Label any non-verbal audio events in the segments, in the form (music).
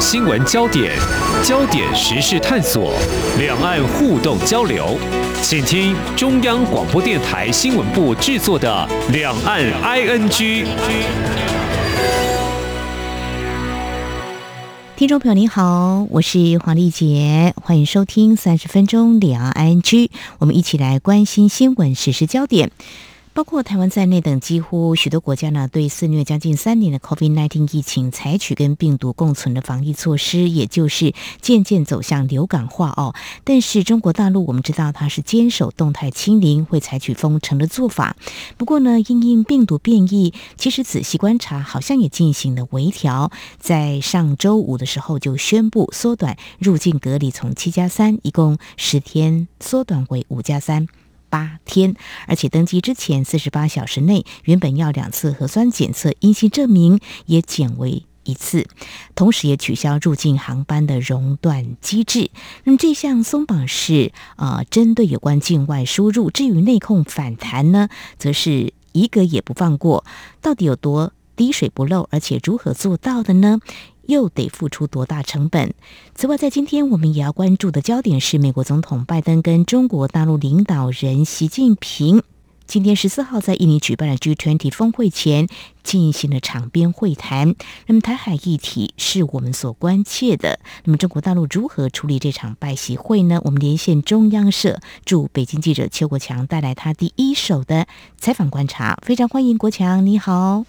新聞焦點，焦點時事探索，兩岸互動交流，請聽中央廣播電台新聞部制作的《兩岸 I N G》。聽眾朋友您好，我是黃麗杰，歡迎收聽三十分鐘兩岸 I N G，我們一起來關心新聞時事焦點。包括台灣在內等幾乎許多國家呢，對肆虐將近三年的 COVID-19 疫情，採取跟病毒共存的防疫措施，也就是漸漸走向流感化哦。但是中國大陸，我們知道它是堅守動態清零，會採取封城的做法。不過呢，因應病毒變異，其實仔細觀察，好像也進行了微調。在上周五的時候，就宣布縮短入境隔離，從七加三一共十天，縮短為五加三。八天，而且登機之前四十八小時內原本要兩次核酸檢測陰性證明，也減為一次，同時也取消入境航班的熔斷機制。那麼這項鬆綁是啊、呃，針對有關境外輸入，至於內控反彈呢，則是一個也不放過。到底有多滴水不漏，而且如何做到的呢？又得付出多大成本？此外，在今天我們也要關注的焦點是美國總統拜登跟中國大陸領導人習近平，今天十四號在印尼舉辦了 G20 峰會前進行了場邊會談。那麼台海議題是我們所關切的。那麼中國大陸如何處理這場拜習會呢？我們連線中央社駐北京記者邱國強，帶來他第一手的採訪觀察。非常歡迎國強，你好。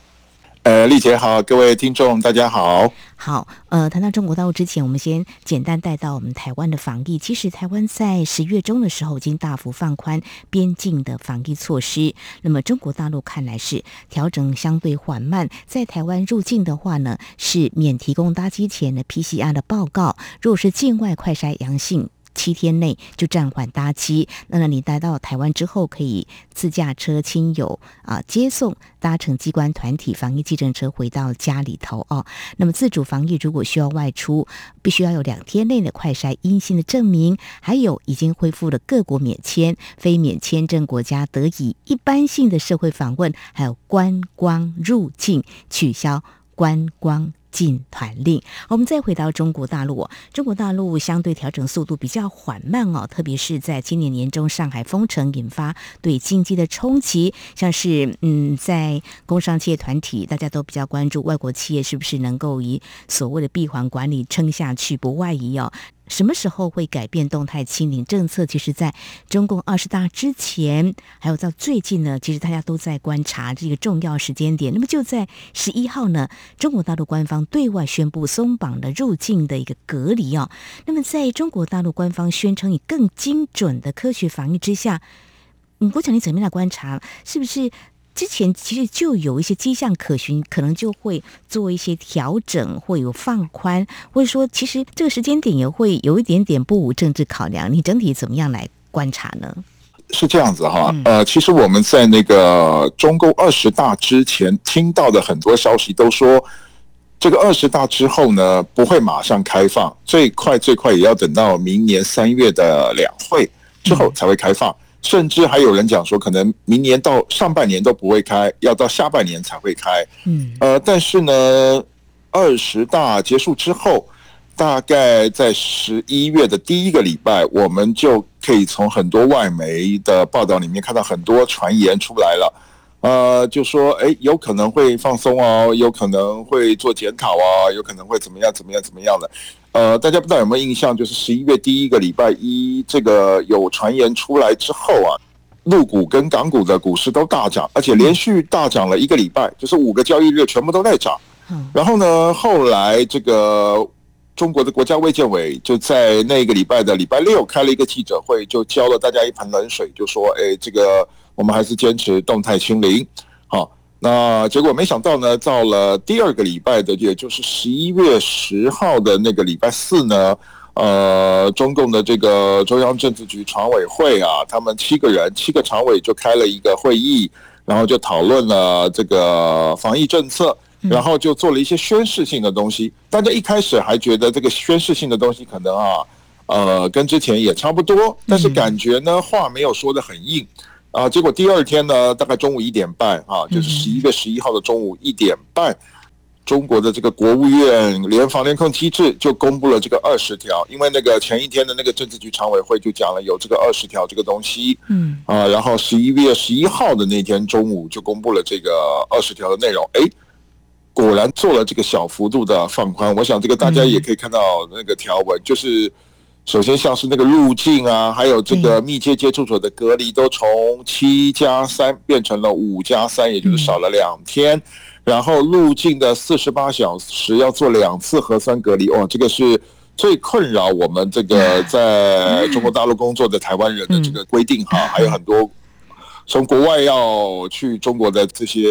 呃，麗姐好，各位聽眾大家好。好，呃，談到中國大陸之前，我們先簡單帶到我們台灣的防疫。其實台灣在十月中的時候已經大幅放寬邊境的防疫措施。那麼中國大陸看來是調整相對緩慢。在台灣入境的話呢，是免提供搭機前的 PCR 的報告。如果是境外快篩陽性，七天內就暫緩搭機。那麼你待到台灣之後，可以自駕車、親友啊接送，搭乘機關團體防疫計程車回到家裡頭哦。那麼自主防疫，如果需要外出，必須要有兩天內的快篩陰性的證明。還有已經恢復了各國免簽、非免簽證國家得以一般性的社會訪問，還有觀光入境取消觀光。禁團令。我們再回到中國大陸。中國大陸相對調整速度比較緩慢哦，特別是在今年年中上海封城引發對經濟的衝擊，像是嗯，在工商企業團體，大家都比較關注外國企業是不是能夠以所謂的閉環管理撐下去，不外移哦。什麼時候會改變動態清零政策？其實，在中共二十大之前，還有到最近呢，其實大家都在觀察這個重要時間點。那麼，就在十一號呢，中國大陸官方對外宣布鬆綁了入境的一個隔離哦。那麼，在中國大陸官方宣稱以更精準的科學防疫之下，嗯，國強，你怎麼樣來觀察？是不是？之前其實就有一些跡象可循，可能就會做一些調整或有放寬，或者說其實這個時間點也會有一點點不無政治考量。你整體怎麼樣來觀察呢？是這樣子哈，嗯、呃，其實我們在那個中共二十大之前聽到的很多消息都說，這個二十大之後呢，不會馬上開放，最快最快也要等到明年三月的兩會之後才會開放。嗯甚至還有人講說，可能明年到上半年都不會開，要到下半年才會開。嗯，呃，但是呢，二十大結束之後，大概在十一月的第一個禮拜，我們就可以從很多外媒的報道裡面看到很多傳言出來了。呃，就說哎，有可能會放鬆哦，有可能會做檢討啊、哦，有可能會怎麼樣怎麼樣怎麼樣的。呃，大家不知道有沒有印象，就是十一月第一個禮拜一，這個有傳言出來之後啊，A 股跟港股的股市都大漲，而且連續大漲了一個禮拜，就是五個交易日全部都在漲。嗯。然後呢，後來這個中國的國家衛健委就在那個禮拜的禮拜六開了一個記者會，就澆了大家一盆冷水，就說哎，這個。我們還是堅持動態清零，好。那結果沒想到呢，到了第二個禮拜的，也就是十一月十號的那個禮拜四呢，呃，中共的這個中央政治局常委會啊，他們七個人，七個常委就開了一個會議，然後就討論了這個防疫政策，然後就做了一些宣示性的東西。大家、嗯、一開始還覺得這個宣示性的東西可能啊，呃，跟之前也差不多，但是感覺呢，嗯、話沒有說得很硬。啊，結果第二天呢，大概中午一點半啊，就是十一月十一號的中午一點半，嗯、中國的這個國務院聯防聯控機制就公布了這個二十條，因為那個前一天的那個政治局常委會就講了有這個二十條這個東西，嗯，啊，然後十一月十一號的那天中午就公布了這個二十條的內容，誒，果然做了這個小幅度的放寬，我想這個大家也可以看到那個條文、嗯、就是。首先，像是那個入境啊，還有這個密切接，接觸者的隔離，都從七加三變成了五加三，3, 嗯、也就是少了兩天。然後入境的四十八小時要做兩次核酸隔離，哇、哦，這個是最困擾我們這個在中國大陸工作的台灣人的這個規定哈、啊。嗯嗯嗯、還有很多從國外要去中國的這些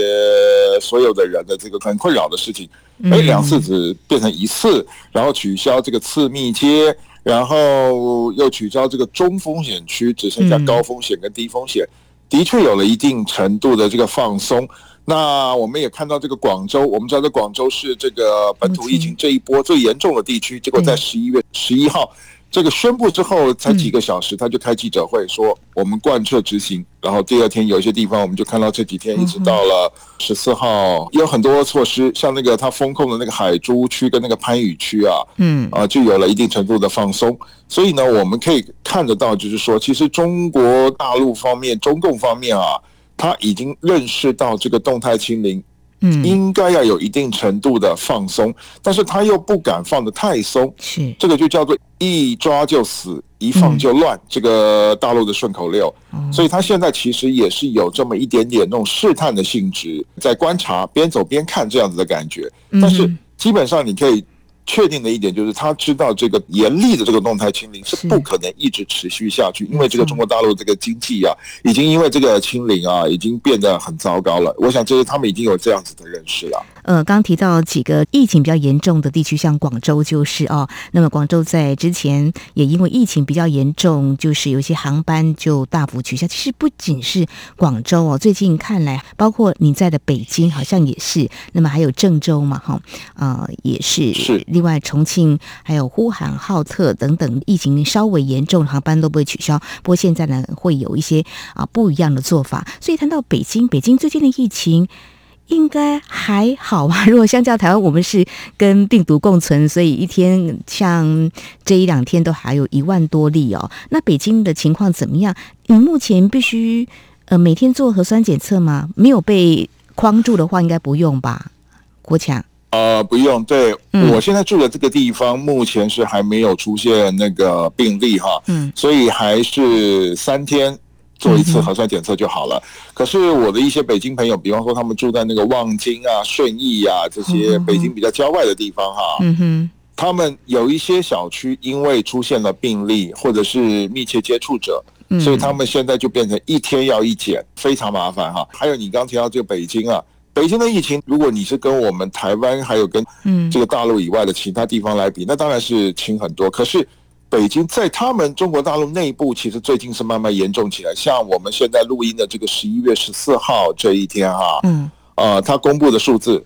所有的人的這個很困擾的事情，哎，兩次只變成一次，然後取消這個次密接。然後又取消這個中風險區，只剩下高風險跟低風險，嗯、的確有了一定程度的這個放鬆。那我們也看到這個廣州，我們知道在廣州是這個本土疫情這一波最嚴重的地區，嗯、結果在十一月十一號。嗯嗯這個宣布之後才幾個小時，他就開記者會說我們貫徹執行。然後第二天，有些地方我們就看到這幾天一直到了十四號，有很多措施，像那個他封控的那個海珠區跟那個番禺區啊，嗯，啊，就有了一定程度的放鬆。所以呢，我們可以看得到，就是說，其實中國大陸方面、中共方面啊，他已經認識到這個動態清零。嗯，應該要有一定程度的放鬆，但是他又不敢放得太鬆，是，嗯、這個就叫做一抓就死，一放就亂，這個大陸的順口溜。嗯、所以他現在其實也是有這麼一點點那種試探的性質，在觀察，邊走邊看這樣子的感覺。但是基本上你可以，確定的一點就是，他知道這個嚴厲的這個動態清零是不可能一直持續下去，因為這個中國大陸這個經濟啊，已經因為這個清零啊，已經變得很糟糕了。我想，這是他們已經有這樣子的認識了。呃，剛提到幾個疫情比較嚴重的地區，像廣州就是哦。那麼廣州在之前也因為疫情比較嚴重，就是有一些航班就大幅取消。其實不僅是廣州哦，最近看來，包括你在的北京好像也是。那麼還有鄭州嘛，哈，啊，也是。是。另外，重慶還有呼和浩特等等，疫情稍微嚴重，航班都被取消。不過現在呢，會有一些啊不一樣的做法。所以談到北京，北京最近的疫情。應該還好吧。如果相較台灣，我們是跟病毒共存，所以一天像這一兩天都還有一萬多例哦。那北京的情況怎麼樣？你目前必須呃每天做核酸檢測嗎？沒有被框住的話，應該不用吧？國強啊，呃，不用。對，嗯，我現在住的這個地方，目前是還沒有出現那個病例哈。嗯，所以還是三天。做一次核酸檢測就好了。嗯、哼可是我的一些北京朋友，比方說他們住在那個望京啊、順義啊這些北京比較郊外的地方哈，嗯、哼他們有一些小區因為出現了病例或者是密切接觸者，嗯、所以他們現在就變成一天要一檢，非常麻煩哈。還有你剛提到這個北京啊，北京的疫情，如果你是跟我們台灣還有跟這個大陸以外的其他地方來比，嗯、那當然是輕很多。可是北京在他們中國大陸內部，其實最近是慢慢嚴重起來。像我們現在錄音的這個十一月十四號這一天，哈，嗯，啊、呃，他公布的數字，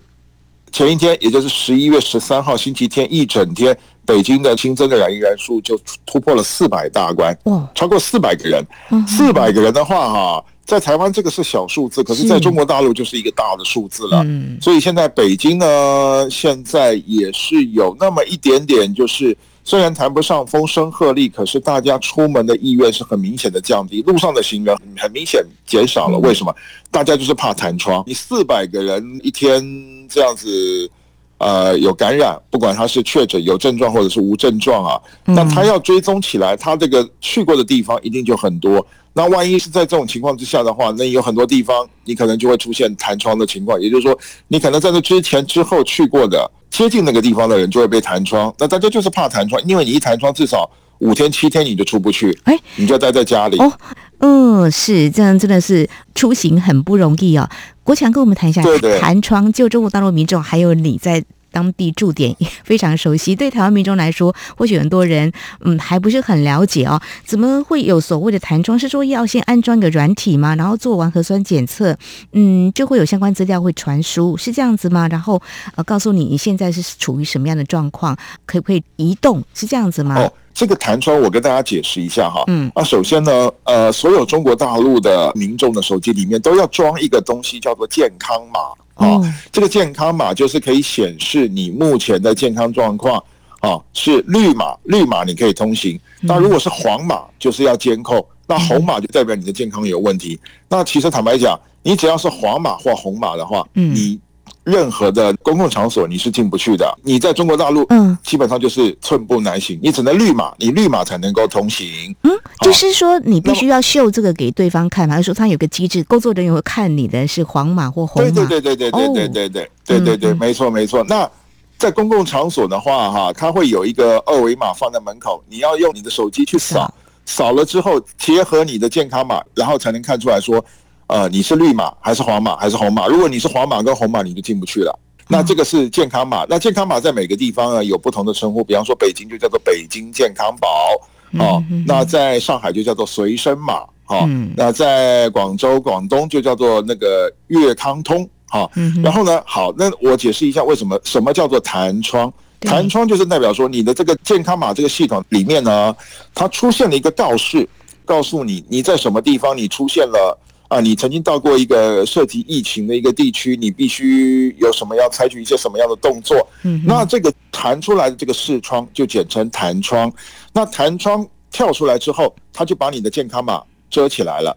前一天，也就是十一月十三號星期天一整天，北京的新增的染疫人數就突破了四百大關，超過四百個人。四百個人的話，哈，在台灣這個是小數字，可是在中國大陸就是一個大的數字了。嗯，所以現在北京呢，現在也是有那麼一點點，就是。雖然談不上風聲鶴唳，可是大家出門的意願是很明顯的降低，路上的行人很明顯減少了。為什麼？嗯、大家就是怕彈窗。你四百個人一天這樣子。呃，有感染，不管他是確診、有症狀或者是無症狀啊，嗯、那他要追蹤起來，他這個去過的地方一定就很多。那萬一是在這種情況之下的話，那有很多地方你可能就會出現彈窗的情況，也就是說，你可能在這之前、之後去過的、接近那個地方的人就會被彈窗。那大家就是怕彈窗，因為你一彈窗，至少五天、七天你就出不去，誒、欸、你就待在家裡。哦，嗯，是這樣，真的是出行很不容易啊、哦。國強跟我們談一下彈對窗，就中國大陸民眾，還有你在，當地駐點非常熟悉，對台灣民眾來說，或許很多人嗯還不是很了解哦。怎麼會有所謂的彈窗？是說要先安裝個軟體嗎？然後做完核酸檢測，嗯，就會有相關資料會傳輸，是這樣子嗎？然後呃，告訴你你現在是處於什麼樣的狀況，可不可以移動，是這樣子嗎？哦，這個彈窗我跟大家解釋一下哈。嗯。啊，首先呢，呃，所有中國大陸的民眾的手機裡面都要裝一個東西，叫做健康碼。啊、哦，這個健康碼就是可以顯示你目前的健康狀況。啊、哦，是綠碼，綠碼你可以通行；那如果是黃碼，就是要監控；那紅碼就代表你的健康有問題。嗯、那其實坦白講，你只要是黃碼或紅碼的話，嗯、你。任何的公共場所你是進不去的，你在中國大陸，嗯，基本上就是寸步難行，嗯、你只能綠碼，你綠碼才能夠通行，嗯，吧就是說你必須要秀這個給對方看嘛，麼還是說他有個機制，工作人員會看你的是黃碼或紅碼，對對對對對對對對對對對對，沒錯沒錯。那在公共場所的話，哈，它會有一個二維碼放在門口，你要用你的手機去掃，掃、啊、了之後結合你的健康碼，然後才能看出來說。呃，你是綠碼還是黃碼還是紅碼？如果你是黃碼跟紅碼，你就進不去了。那這個是健康碼。嗯、那健康碼在每個地方啊有不同的稱呼，比方說北京就叫做北京健康寶啊。嗯、哼哼那在上海就叫做隨身碼啊。嗯、那在廣州廣東就叫做那個粵康通啊。嗯、哼然後呢，好，那我解釋一下為什麼什麼叫做彈窗？彈對窗就是代表說你的這個健康碼這個系統裡面呢，它出現了一個告示，告訴你你在什麼地方，你出現了。啊，你曾經到過一個涉及疫情的一個地區，你必須有什麼要採取一些什麼樣的動作？嗯哼，那這個彈出來的這個視窗就簡稱彈窗。那彈窗跳出來之後，它就把你的健康碼遮起來了。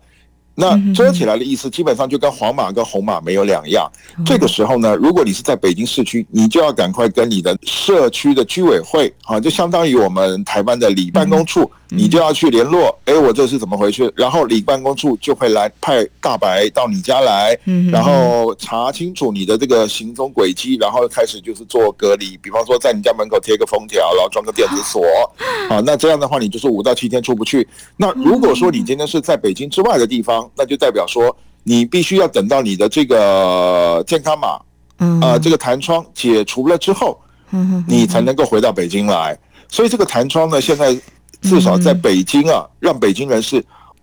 那遮起來的意思，基本上就跟黃碼跟紅碼沒有兩樣。嗯、哼這個時候呢，如果你是在北京市區，你就要趕快跟你的社區的居委會啊，就相當於我們台灣的里辦公處。嗯你就要去聯絡，誒、欸，我這是怎麼回去？然後領辦公處就會來派大白到你家來，然後查清楚你的這個行蹤軌跡，然後開始就是做隔離。比方說，在你家門口貼個封條，然後裝個電子鎖，好、 (laughs) 啊，那這樣的話，你就是五到七天出不去。那如果說你今天是在北京之外的地方，那就代表說你必須要等到你的這個健康碼，嗯、呃、這個彈窗解除了之後，嗯，你才能夠回到北京來。所以這個彈窗呢，現在。至少在北京啊，嗯、讓北京人是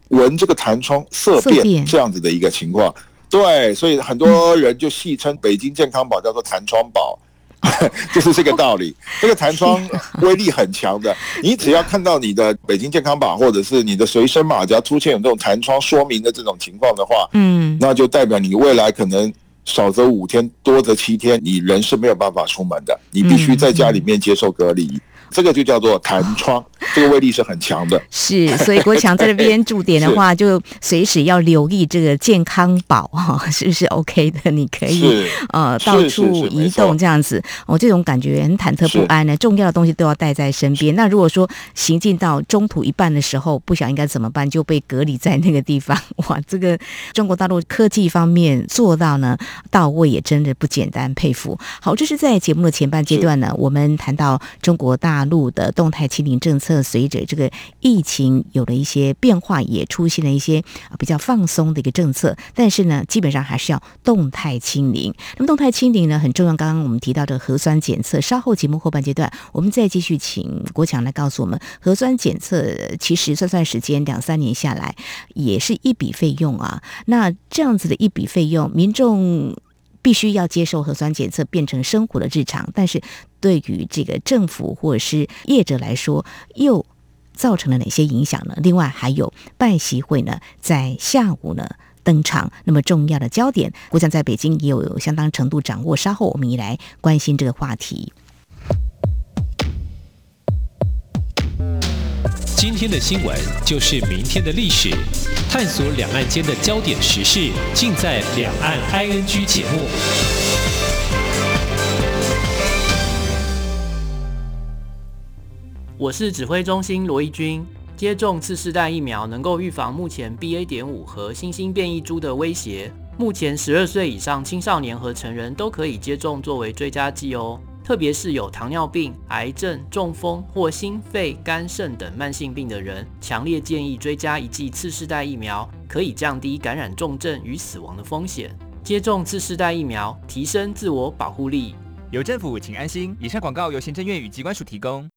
聞這個彈窗色變這樣子的一個情況。變對，所以很多人就戲稱北京健康寶叫做彈窗寶，嗯、 (laughs) 就是這個道理。這、哦、個彈窗威力很強的，啊、你只要看到你的北京健康寶、嗯、或者是你的隨身馬甲出現隨身碼，只要出現有這種彈窗說明的這種情況的話，嗯，那就代表你未來可能少則五天，多則七天，你人是沒有辦法出門的，你必須在家裡面接受隔離。嗯嗯這個就叫做彈窗，哦、這個威力是很強的。是，所以國強在這邊駐點的話， (laughs) 是就隨時要留意這個健康寶哈、哦，是不是 OK 的？你可以是呃是到處移動是是是這樣子，我、哦、這種感覺很忐忑不安的，是重要的東西都要帶在身邊。是那如果說行進到中途一半的時候，不曉得應該怎麼辦，就被隔離在那個地方，哇，這個中國大陸科技方面做到呢到位也真的不簡單，佩服。好，這是在節目的前半階段呢，是我們談到中國大。路的動態清零政策，隨着這個疫情有了一些變化，也出現了一些啊比較放鬆的一個政策。但是呢，基本上還是要動態清零。那麼動態清零呢很重要。剛剛我們提到的核酸檢測，稍後節目後半階段，我們再繼續請國強來告訴我們，核酸檢測其實算算時間，兩三年下來也是一筆費用啊。那這樣子的一筆費用，民眾。必須要接受核酸檢測變成生活的日常，但是對於這個政府或者是業者來說，又造成了哪些影響呢？另外還有拜習會呢，在下午呢登場，那麼重要的焦點，我想在北京也有相當程度掌握。稍後我們一來關心這個話題。今天的新聞就是明天的歷史。探索兩岸間的焦點時事，盡在《兩岸 ING》節目。我是指揮中心羅一鈞。接種次世代疫苗能夠預防目前 BA.5 和新興變異株的威脅。目前，十二歲以上青少年和成人都可以接種作為追加劑哦。特別是有糖尿病、癌症、中風或心肺、肝腎等慢性病的人，強烈建議追加一劑次世代疫苗，可以降低感染重症與死亡的風險。接種次世代疫苗，提升自我保護力。有政府，請安心。以上廣告由行政院與機關署提供。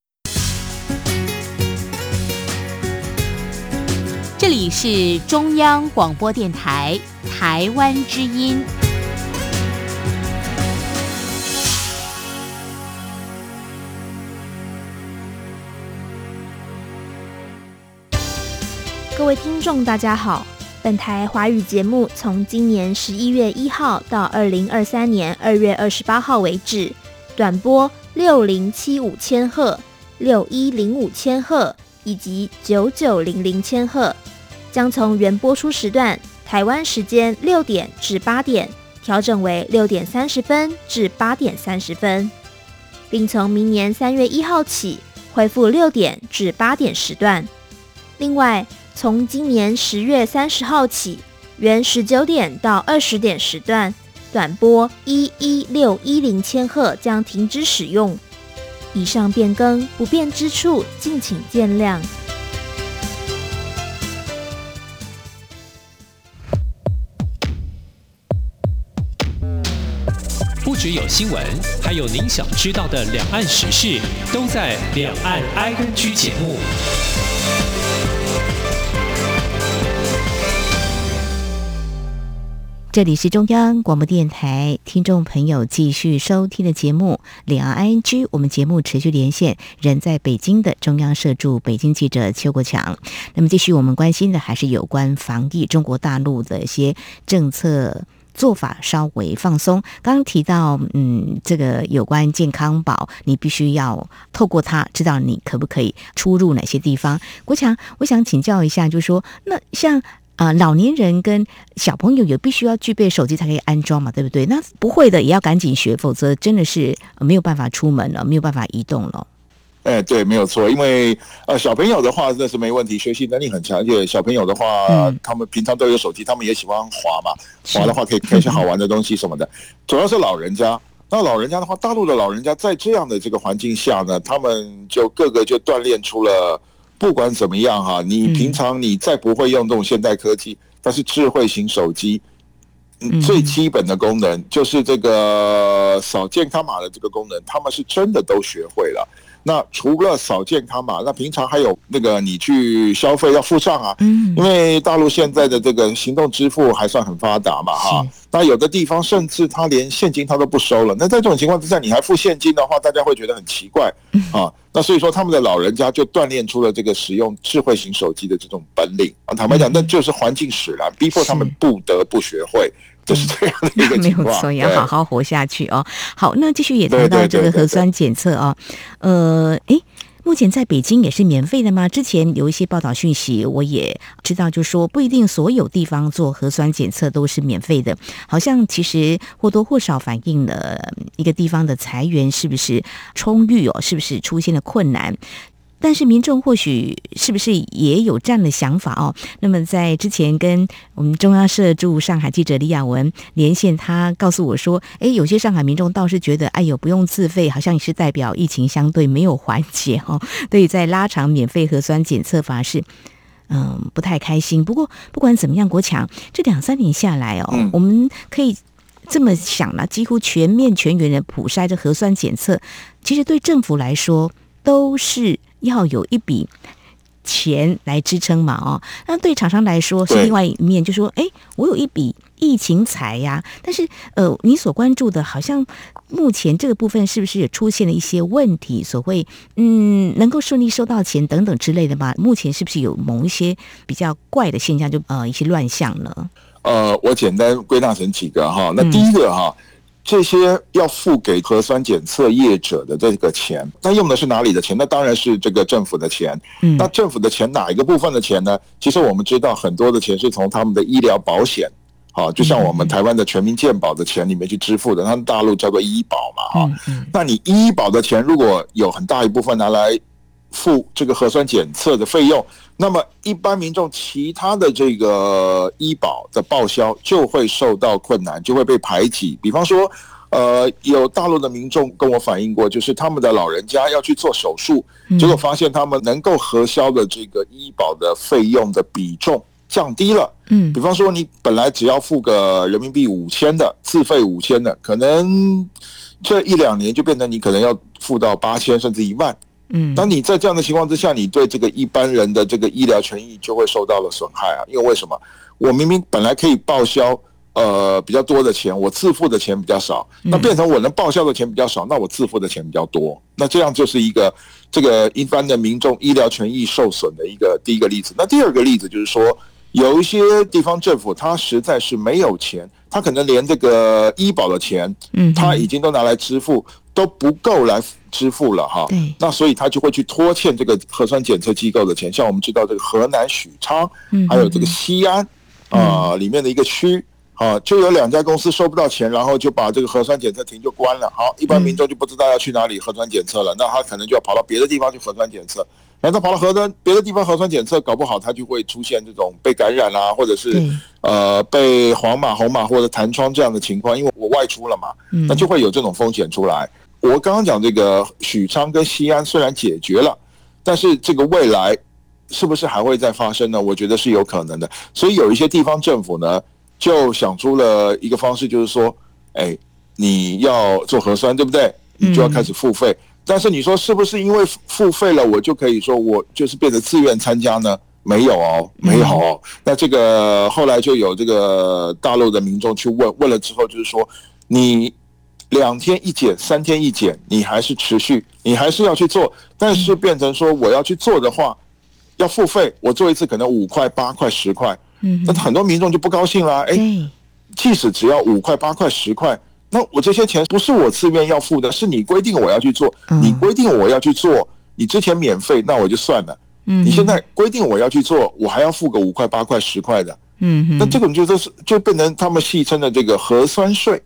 這裡是中央廣播電台台灣之音。各位聽眾，大家好！本台華語節目從今年十一月一號到二零二三年二月二十八號為止，短波六零七五千赫、六一零五千赫以及九九零零千赫，將從原播出時段（台灣時間六點至八點）調整為六點三十分至八點三十分，並從明年三月一號起恢復六點至八點時段。另外，從今年十月三十號起，原十九點到二十點時段短波一一六一零千赫將停止使用。以上變更不便之處，敬請見諒。不只有新聞，還有您想知道的兩岸時事，都在《兩岸 ING》節目。這裡是中央廣播電台，聽眾朋友繼續收聽的節目《兩岸 ING》。我們節目持續連線，人在北京的中央社駐北京記者邱國強。那麼，繼續我們關心的還是有關防疫，中國大陸的一些政策做法稍微放鬆。剛剛提到，嗯，這個有關健康寶，你必須要透過它知道你可不可以出入哪些地方。國強，我想請教一下，就是說，那像。啊、呃，老年人跟小朋友也必須要具備手機才可以安裝嘛，對不對？那不會的也要趕緊學，否則真的是、呃、沒有辦法出門了，沒有辦法移動了。誒、欸，對，沒有錯，因為呃，小朋友的話那是沒問題，學習能力很強，而且小朋友的話，嗯、他們平常都有手機，他們也喜歡滑嘛，是滑的話可以看一些好玩的東西什麼的。嗯、主要是老人家，那老人家的話，大陸的老人家在這樣的這個環境下呢，他們就各個就鍛鍊出了。不管怎麼樣哈、啊，你平常你再不會用這種現代科技，嗯、但是智慧型手機、嗯，嗯、最基本的功能就是這個掃健康碼的這個功能，他們是真的都學會了。那除了掃健康碼，那平常還有那個你去消費要付賬啊，因為大陸現在的這個行動支付還算很發達嘛，哈，那有的地方甚至他連現金他都不收了。那在這種情況之下，你還付現金的話，大家會覺得很奇怪，啊，那所以說他們的老人家就鍛鍊出了這個使用智慧型手機的這種本領啊。坦白講，那就是環境使然，逼迫他們不得不學會。 (laughs) 沒有錯，也要好好活下去哦。好，那繼續也談到這個核酸檢測哦。呃，誒，目前在北京也是免費的嗎？之前有一些報道訊息，我也知道就，就說不一定所有地方做核酸檢測都是免費的。好像其實或多或少反映了一個地方的財源是不是充裕哦，是不是出現了困難。但是民眾或許是不是也有這樣的想法哦？那麼在之前跟我們中央社駐上海記者李雅雯連線，他告訴我說：“誒，有些上海民眾倒是覺得，哎呦，不用自費，好像也是代表疫情相對沒有緩解哈、哦，所以在拉長免費核酸檢測，法是嗯不太開心。不過不管怎麼樣，國強這兩三年下來哦，嗯、我們可以這麼想呢、啊：幾乎全面全員的普篩的核酸檢測，其實對政府來說都是。”要有一筆錢來支撐嘛？哦，那對廠商來說是另對外一面，就說，哎，我有一筆疫情財呀、啊。但是，呃，你所關注的，好像目前這個部分是不是也出現了一些問題？所謂，嗯，能夠順利收到錢等等之類的嘛？目前是不是有某一些比較怪的現象就，就呃一些亂象呢？呃，我簡單歸納成幾個哈、哦。那第一個哈、哦。嗯這些要付給核酸檢測業者的這個錢，那用的是哪裡的錢？那當然是這個政府的錢。嗯。那政府的錢哪一個部分的錢呢？其實我們知道，很多的錢是從他們的醫療保險，啊，就像我們台灣的全民健保的錢裡面去支付的。嗯嗯。他們大陸叫做醫保嘛，哈，啊，嗯嗯。那你醫保的錢如果有很大一部分拿來付這個核酸檢測的費用。那麼，一般民眾其他的這個醫保的報銷就會受到困難，就會被排擠。比方說，呃，有大陸的民眾跟我反映過，就是他們的老人家要去做手術，結果發現他們能夠核銷的這個醫保的費用的比重降低了。嗯，比方說，你本來只要付個人民幣五千的，自費五千的，可能這一兩年就變成你可能要付到八千甚至一萬。嗯，當你在這樣的情況之下，你對這個一般人的這個醫療權益就會受到了損害啊。因為為什麼？我明明本來可以報銷，呃，比較多的錢，我自付的錢比較少，那變成我能報銷的錢比較少，那我自付的錢比較多，那這樣就是一個這個一般的民眾醫療權益受損的一個第一個例子。那第二個例子就是說，有一些地方政府他實在是沒有錢，他可能連這個醫保的錢，嗯，他已經都拿來支付。都不夠來支付了哈，那所以他就會去拖欠這個核酸檢測機構的錢。像我們知道，這個河南許昌，還有這個西安、呃，啊裡面的一個區，啊就有兩家公司收不到錢，然後就把這個核酸檢測亭就關了。好，一般民眾就不知道要去哪裡核酸檢測了。那他可能就要跑到別的地方去核酸檢測。然後他跑到核酸、別的地方核酸檢測，搞不好他就會出現這種被感染啦、啊，或者是呃被黃碼紅碼或者彈窗這樣的情況，因為我外出了嘛，那就會有這種風險出來。我剛剛講這個許昌跟西安雖然解決了，但是這個未來是不是還會再發生呢？我覺得是有可能的。所以有一些地方政府呢，就想出了一個方式，就是說，哎，你要做核酸，對不對？你就要開始付費，嗯。但是你說是不是因為付費了，我就可以說我就是變得自願參加呢？沒有哦，沒有哦。嗯。那這個後來就有這個大陸的民眾去問問了之後，就是說你。兩天一檢，三天一檢，你還是持續，你還是要去做，但是變成說我要去做的話，要付費，我做一次可能五塊、八塊、十塊，嗯，那很多民眾就不高興啦，誒，即使只要五塊、八塊、十塊，那我這些錢不是我自願要付的，是你規定我要去做，你規定我要去做，你之前免費那我就算了，嗯，你現在規定我要去做，我還要付個五塊、八塊、十塊的，嗯，那這個你就就是就變成他們戲稱的這個核酸稅。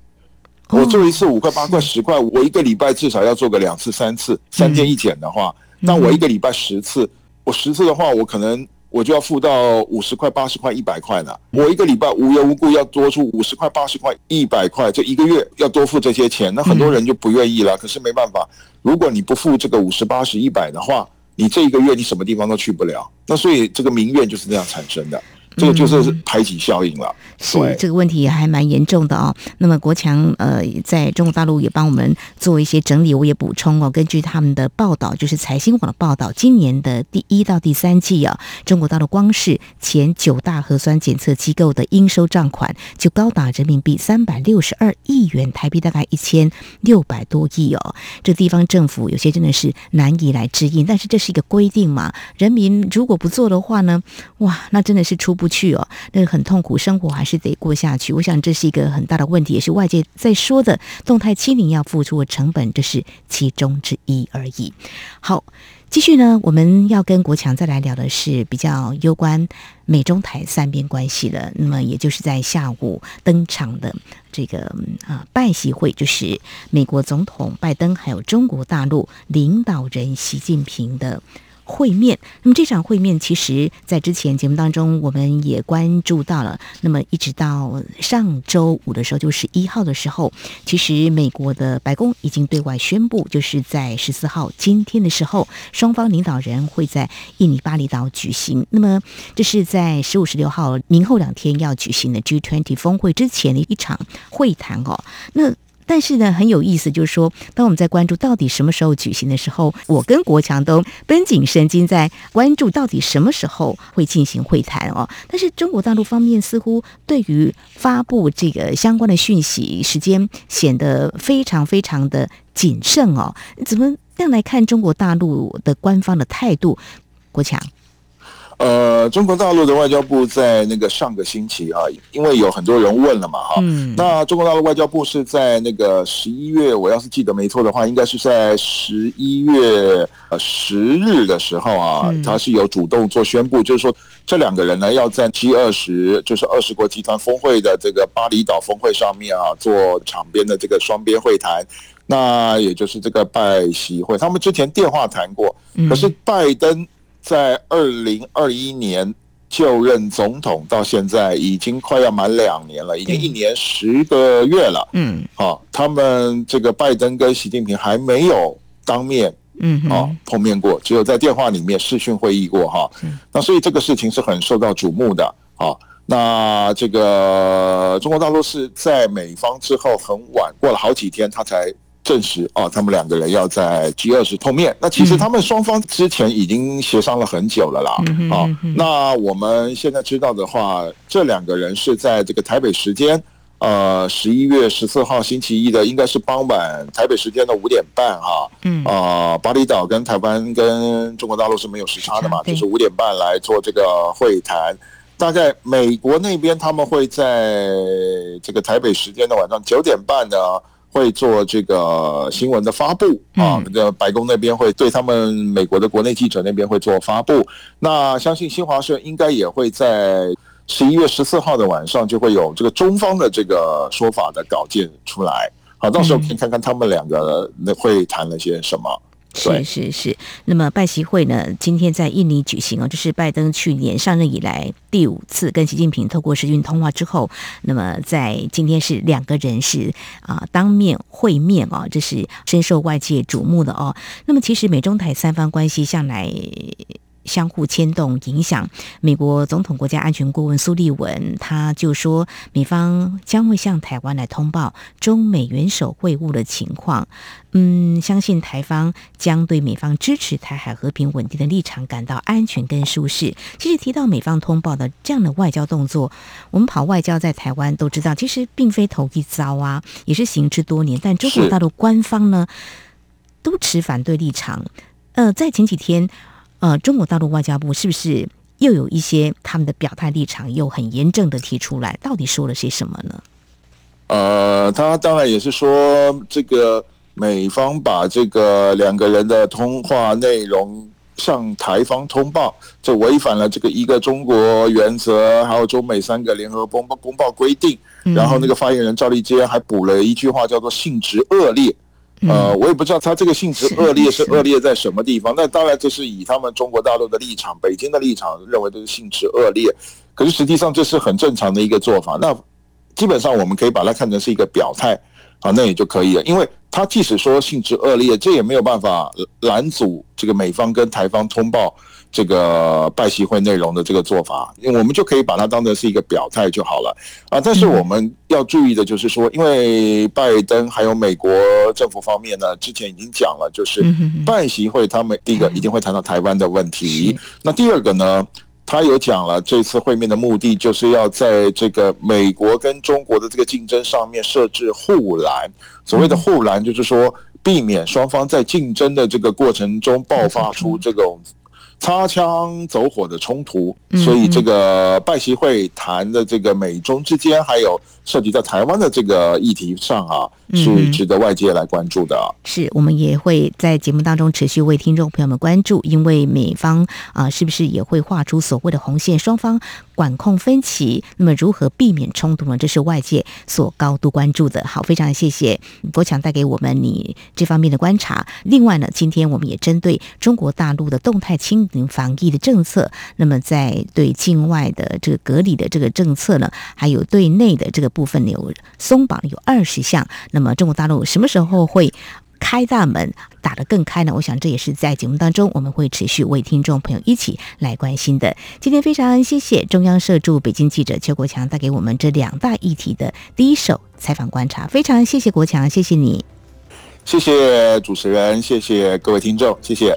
我做一次五塊八塊十塊，我一個禮拜至少要做個兩次三次，三天一檢的話，嗯、那我一個禮拜十次，我十次的話，我可能我就要付到五十塊八十塊一百塊了。嗯、我一個禮拜無緣無故要多出五十塊八十塊一百塊，這一個月要多付這些錢，那很多人就不願意了。可是沒辦法，如果你不付這個五十八十一百的話，你這一個月你什麼地方都去不了。那所以這個民怨就是這樣產生的。這個就是排擠效應了，所以是對這個問題也還蠻嚴重的啊、哦。那麼國強呃，在中國大陸也幫我們做一些整理，我也補充哦。根據他們的報道，就是財新網的報道，今年的第一到第三季啊、哦，中國大陸光是前九大核酸檢測機構的應收賬款就高達人民幣三百六十二億元，台幣大概一千六百多億哦。這個、地方政府有些真的是難以來支應，但是這是一個規定嘛，人民如果不做的話呢，哇，那真的是出不。不去哦，那個很痛苦，生活還是得過下去。我想這是一個很大的問題，也是外界在說的動態清零要付出的成本，這是其中之一而已。好，繼續呢，我們要跟國強再來聊的是比較攸關美中台三邊關係的。那麼也就是在下午登場的這個啊、呃、拜習會，就是美國總統拜登還有中國大陸領導人習近平的。會面。那麼這場會面，其實在之前節目當中我們也關注到了。那麼一直到上周五的時候，就是十一號的時候，其實美國的白宮已經對外宣佈，就是在十四號今天的時候，雙方領導人會在印尼巴厘島舉行。那麼這是在十五、十六號明後兩天要舉行的 G20 峰會之前的一場會談哦。那。但是呢，很有意思，就是說，當我們在關注到底什麼時候舉行的時候，我跟國強都繃緊神經在關注到底什麼時候會進行會談哦。但是中國大陸方面似乎對於發布這個相關的訊息時間顯得非常非常的謹慎哦。怎麼樣來看中國大陸的官方的態度，國強？呃，中國大陸的外交部在那個上個星期啊，因為有很多人問了嘛、啊，哈、嗯，那中國大陸外交部是在那個十一月，我要是記得沒錯的話，應該是在十一月呃十日的時候啊，嗯、他是有主動做宣布，就是說這兩個人呢要在 G 二十，就是二十國集團峰會的這個巴厘島峰會上面啊，做場邊的這個雙邊會談，那也就是這個拜習會，他們之前電話談過，可是拜登。在二零二一年就任總統，到現在已經快要滿兩年了，已經一年十個月了。嗯，好，他們這個拜登跟習近平還沒有當面，嗯，啊碰面過，只有在電話裡面視訊會議過哈。嗯，那所以這個事情是很受到矚目的。啊，那這個中國大陸是在美方之後很晚，過了好幾天他才。證實啊、哦，他們兩個人要在 G 二十碰面。那其實他們雙方之前已經協商了很久了啦。嗯、啊，嗯嗯嗯、那我們現在知道的話，這兩個人是在這個台北時間，呃，十一月十四號星期一的，應該是傍晚台北時間的五點半哈、啊。嗯啊、呃，巴厘島跟台灣跟中國大陸是沒有時差的嘛，就是五點半來做這個會談。嗯、大概美國那邊他們會在這個台北時間的晚上九點半的。會做這個新聞的發布啊，那個白宮那邊會對他們美國的國內記者那邊會做發布。那相信新華社應該也會在十一月十四號的晚上就會有這個中方的這個說法的稿件出來。好，到時候可以看看他們兩個那會談了些什麼。對是是是，那麼拜習會呢？今天在印尼舉行哦，就是拜登去年上任以來第五次跟習近平透過視訊通話之後，那麼在今天是兩個人是啊當面會面哦，這，就是深受外界矚目的哦。那麼其實美中台三方關係向來相互牽動影響。美國總統國家安全顧問蘇利文他就說，美方將會向台灣來通報中美元首會晤的情況。嗯，相信台方將對美方支持台海和平穩定的立場感到安全跟舒適。其實提到美方通報的這樣的外交動作，我們跑外交在台灣都知道，其實並非頭一遭啊，也是行之多年。但中國大陸官方呢，都持反對立場。呃，在前幾天。呃，中國大陸外交部是不是又有一些他們的表態立場又很嚴正的提出來？到底說了些什麼呢？呃，他當然也是說，這個美方把這個兩個人的通話內容向台方通報，這違反了這個一個中國原則，還有中美三個聯合公報公報規定。然後那個發言人趙立堅還補了一句話，叫做性質惡劣。嗯、呃，我也不知道他這個性質惡劣是惡劣在什麼地方，是是那當然這是以他們中國大陸的立場、北京的立場認為這是性質惡劣，可是實際上這是很正常的一個做法。那基本上我們可以把它看成是一個表態，啊，那也就可以了。因為他即使說性質惡劣，這也沒有辦法攔阻這個美方跟台方通報這個拜習會內容的這個做法，因為我們就可以把它當成是一個表態就好了啊。但是我們要注意的就是說，因為拜登還有美國政府方面呢，之前已經講了，就是拜習會他們第一個一定會談到台灣的問題。那第二個呢，他有講了，這次會面的目的就是要在這個美國跟中國的這個競爭上面設置護欄。所謂的護欄，就是說避免雙方在競爭的這個過程中爆發出這種。擦槍走火的衝突，所以這個拜習會談的這個美中之間還有。涉及到台灣的這個議題上啊，是值得外界來關注的。嗯、是我們也會在節目當中持續為聽眾朋友們關注，因為美方啊、呃，是不是也會畫出所謂的紅線？雙方管控分歧，那麼如何避免衝突呢？這是外界所高度關注的。好，非常謝謝國強帶給我們你這方面的觀察。另外呢，今天我們也針對中國大陸的動態清零防疫的政策，那麼在對境外的這個隔離的這個政策呢，還有對內的這個。部分有鬆綁，有二十項，那麼中國大陸什麼時候會開大門打得更開呢？我想這也是在節目當中我們會持續為聽眾朋友一起來關心的。今天非常謝謝中央社駐北京記者邱國強帶給我們這兩大議題的第一手採訪觀察，非常謝謝國強，謝謝你。謝謝主持人，謝謝各位聽眾，謝謝。